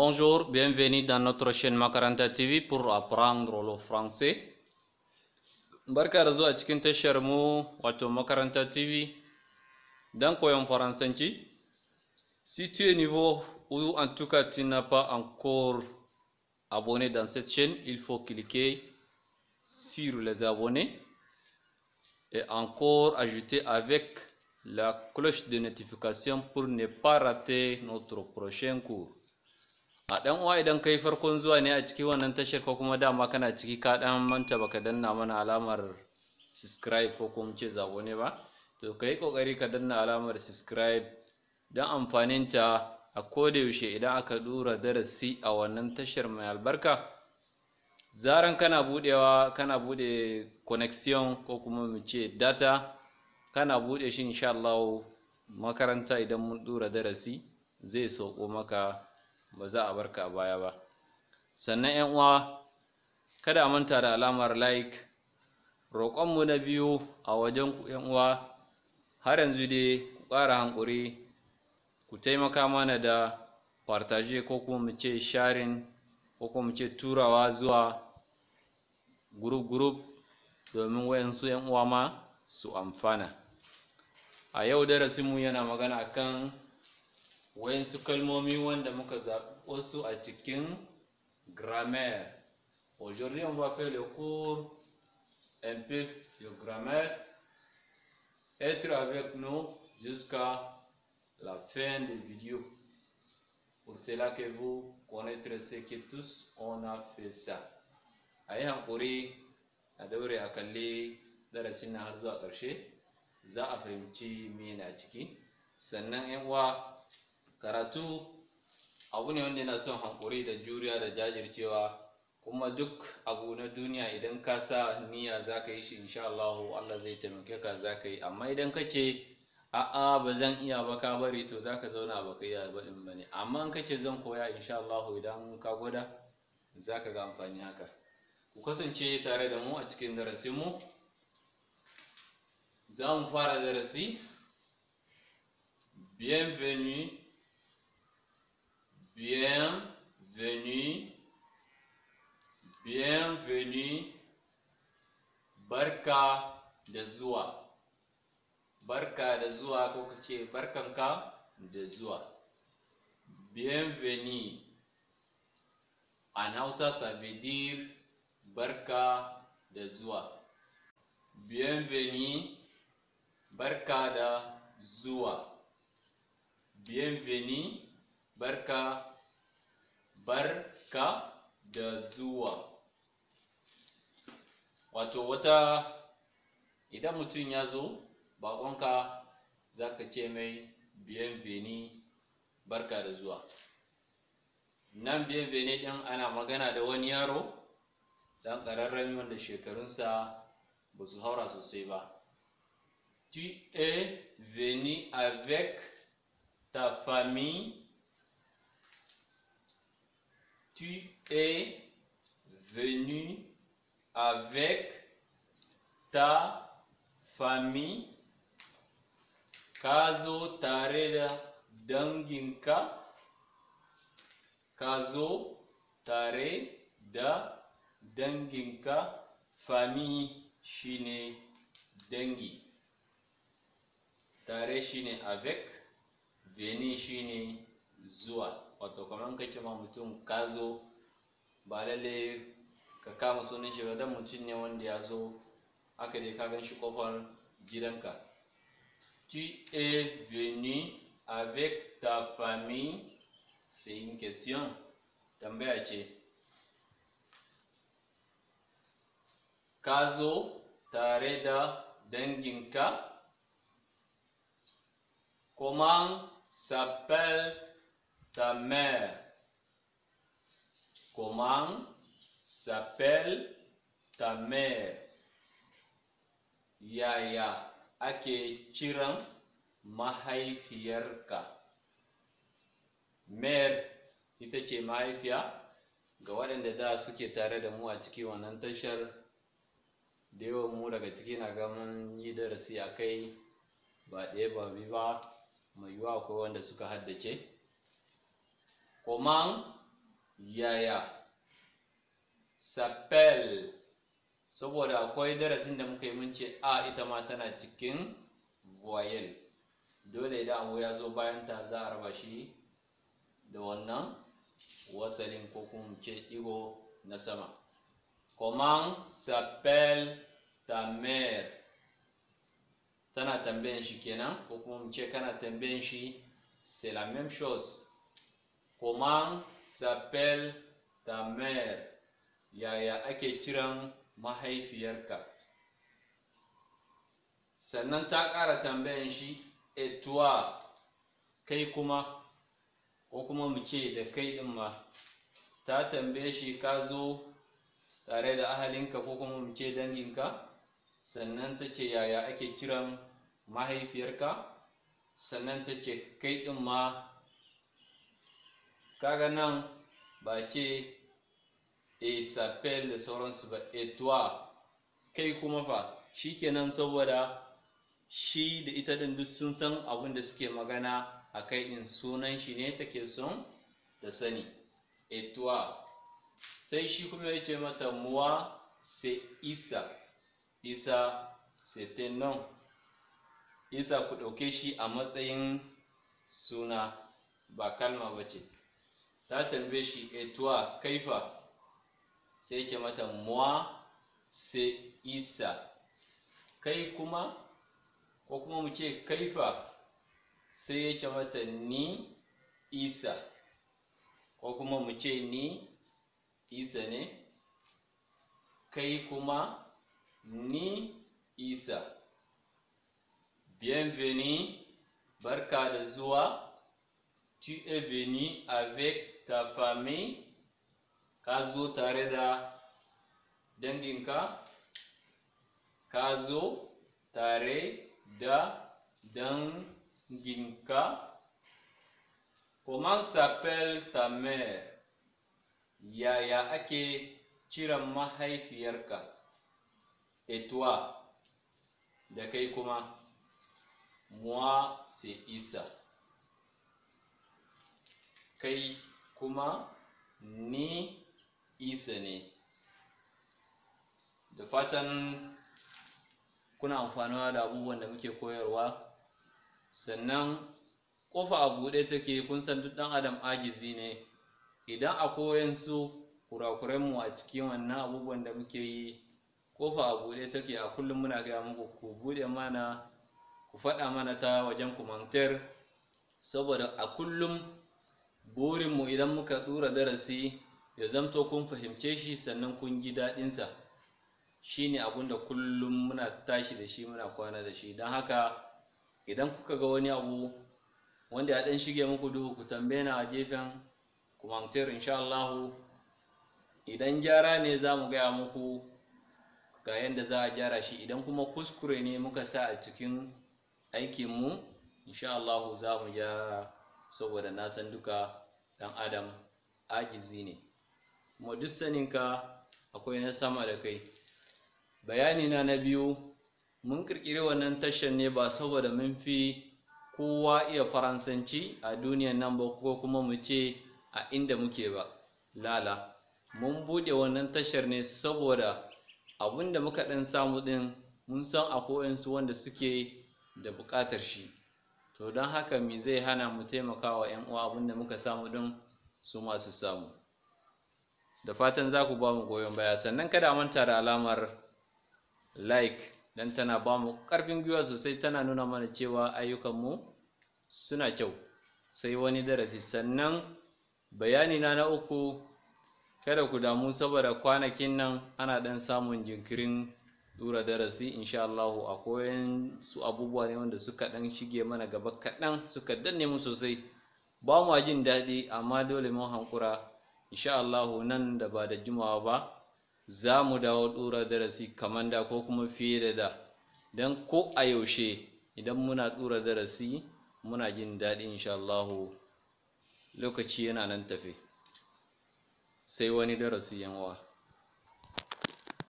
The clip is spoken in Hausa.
Bonjour, bienvenue dans notre chaîne Makaranta TV pour apprendre le français. Barka TV Si tu es nouveau ou en tout cas tu n'as pas encore abonné dans cette chaîne, il faut cliquer sur les abonnés et encore ajouter avec la cloche de notification pour ne pas rater notre prochain cours. a dan uwa idan kai farkon zuwa ne a cikin wannan tashar ko kuma dama kana ciki ka dan manta baka danna mana alamar subscribe ko kuma ce zabo ne ba to kai kokari ka danna alamar subscribe dan amfanin ta a koda yaushe idan aka dura darasi a wannan tashar mai albarka zaran kana budewa kana bude connection ko kuma mu ce data kana bude shi insha Allah makaranta idan mun dura darasi zai sauko maka ba za a barka a baya ba sannan 'yan uwa kada manta da alamar like roƙonmu na biyu a wajen 'yan uwa har yanzu dai ku ƙara hankuri ku taimaka mana da partage ko kuma mu ce sharing ko kuma mu ce turawa zuwa group group domin wayansu 'yan uwa ma su amfana a yau darasinmu yana magana akan wayansu kalmomi wanda muka zaɓo su a cikin grammaire aujourd'hui on va faire le cours un peu de grammaire être avec nous jusqu'à la fin des vidéos pour cela que vous connaîtrez ce que tous on a fait ça a yi hankuri a daure a kalli darasin na har zuwa ƙarshe za a fahimci mena ciki sannan 'yan uwa karatu abu ne wanda yana son haƙuri da juriya da jajircewa kuma duk abu na duniya idan ka sa niyya za ka yi shi insha Allah Allah zai taimake ka za ka yi amma idan ka ce a'a ba zan iya ba ka bari to za ka zauna ba ka iya ba ɗin ba ne amma in ka ce zan koya insha Allah idan ka gwada za ka ga amfani haka ku kasance tare da mu a cikin darasinmu za mu fara darasi bienvenue bienvenue, bienvenue, barka da zuwa, barka da zuwa ko ka barkanka da zuwa. Bienvenue, en Hausa ça dir barka da zuwa. Bienvenue, barka da zuwa. Bienvenue, barka da zuwa. barka da zuwa wato wata idan mutum ya zo bakonka za ka ce mai ben-beni barka da zuwa nan bienveni din ana magana da wani yaro dan ƙararren wanda shekarunsa ba su haura sosai ba tu es veni avec ta famille tu es venu avec ta famille kazo tare da danginka kazo tare da danginka famille Chine Dengi. tare shine avec veni shine zuwa wato kamar ka ce ma mutum ka zo ba lalle ka kama sunan shi ba dan mutum ne wanda ya zo haka dai ka gan shi kofar gidanka tu es venu avec ta famille c'est une question tambaya ce ka zo tare da danginka comment s'appelle ta mère. Comment s'appelle ta mère? Yaya ake kiran mahaifiyarka? Mère ita ce mahaifiya? Ga waɗanda da suke tare da mu a ciki wannan tashar, da yawan mu daga ciki na gaman yi darasi a kai ba ɗaya ba biyu ba, mai yiwuwa akwai wanda suka haddace. Comment yaya s'appelle saboda akwai darasin da muka yi mun ce a ita ma tana cikin voyel dole idan abu ya zo bayan ta za a raba shi da wannan wasalin ko kuma ce ɗigo na sama comment s'appelle ta tana tambayan shi kenan ko kuma ce kana tambayan shi c'est la même chose Comment s'appelle ta mère? Yaya ake kiran mahaifiyarka? Sannan ta ƙara tambayan shi, etuwa kai kuma, ko kuma mu ce da kai ɗin ma, ta tambaye shi ka zo tare da ahalinka ko kuma mu ce danginka? Sannan ta ce yaya ake kiran mahaifiyarka? Sannan ta ce kai ɗin ma kaga nan ba ce e sapel da sauransu ba etwa kai kuma fa shikenan saboda shi da ita din duk sun san abin da suke magana a kai in sunan shi ne take son da sani etwa sai shi kuma ya ce mata muwa sai isa isa sai tenon, isa ku ɗauke shi a matsayin suna ba kalma ba ce ta tambaye shi etuwa eh, kaifa sai yake mata muwa sai isa kai kuma ko kuma mu ce kaifa sai yake mata ni isa ko kuma mu ce ni isa ne kai kuma ni isa bienvenue barka da zuwa tu es venu avec Tafami kazo ka zo tare da danginka ka zo tare da danginka comment s'appelle ta mère yaya ake ciran mahaifiyarka etwa da kai kuma moi c'est isa kai kuma ni isa ne da fatan kuna amfanuwa da abubuwan da muke koyarwa sannan ƙofa a buɗe take kun san duk ɗan adam agizi ne idan a koyansu mu a cikin wannan abubuwan da muke yi kofa a buɗe take a kullum muna gaya muku ku buɗe mana ku faɗa mana ta wajen kumantar saboda a kullum burinmu idan muka dura darasi ya zamto kun fahimce shi sannan kun ji daɗinsa shi ne abinda kullum muna tashi da shi muna kwana da shi don haka idan kuka ga wani abu wanda ya ɗan shige muku duhu ku tambaye na a gefen kumantir insha Allahu idan gyara ne za mu gaya muku ga yadda za a gyara shi idan kuma kuskure ne muka sa a cikin aikinmu insha Allahu za mu gyara saboda na san duka ɗan adam agizi ne kuma duk saninka akwai na sama da kai bayani na biyu mun ƙirƙiri wannan tashar ne ba saboda mun fi kowa iya faransanci a duniyan nan ba ko kuma mu ce a inda muke ba lala mun buɗe wannan tashar ne saboda abinda muka ɗan samu ɗin mun san akwai wanda suke da buƙatar shi to don haka me zai hana mu taimakawa 'yan uwa abinda muka samu din su masu samu da fatan za ku ba mu goyon baya sannan kada manta da alamar like don tana ba mu ƙarfin gwiwa sosai tana nuna mana cewa ayyukanmu suna kyau sai wani darasi sannan bayani na na uku kada ku damu saboda kwanakin nan ana ɗan samun jinkirin dura darasi insha akwai a koyan su abubuwa ne wanda suka dan shige mana gaba kaɗan suka danne mu sosai ba mu jin daɗi amma dole mun hankura insha nan da ba da jimawa ba za mu dawo dura darasi kamar da ko kuma fiye da da don ko a yaushe idan muna dura darasi muna jin daɗi insha lokaci yana nan tafe sai wani darasi yanwa.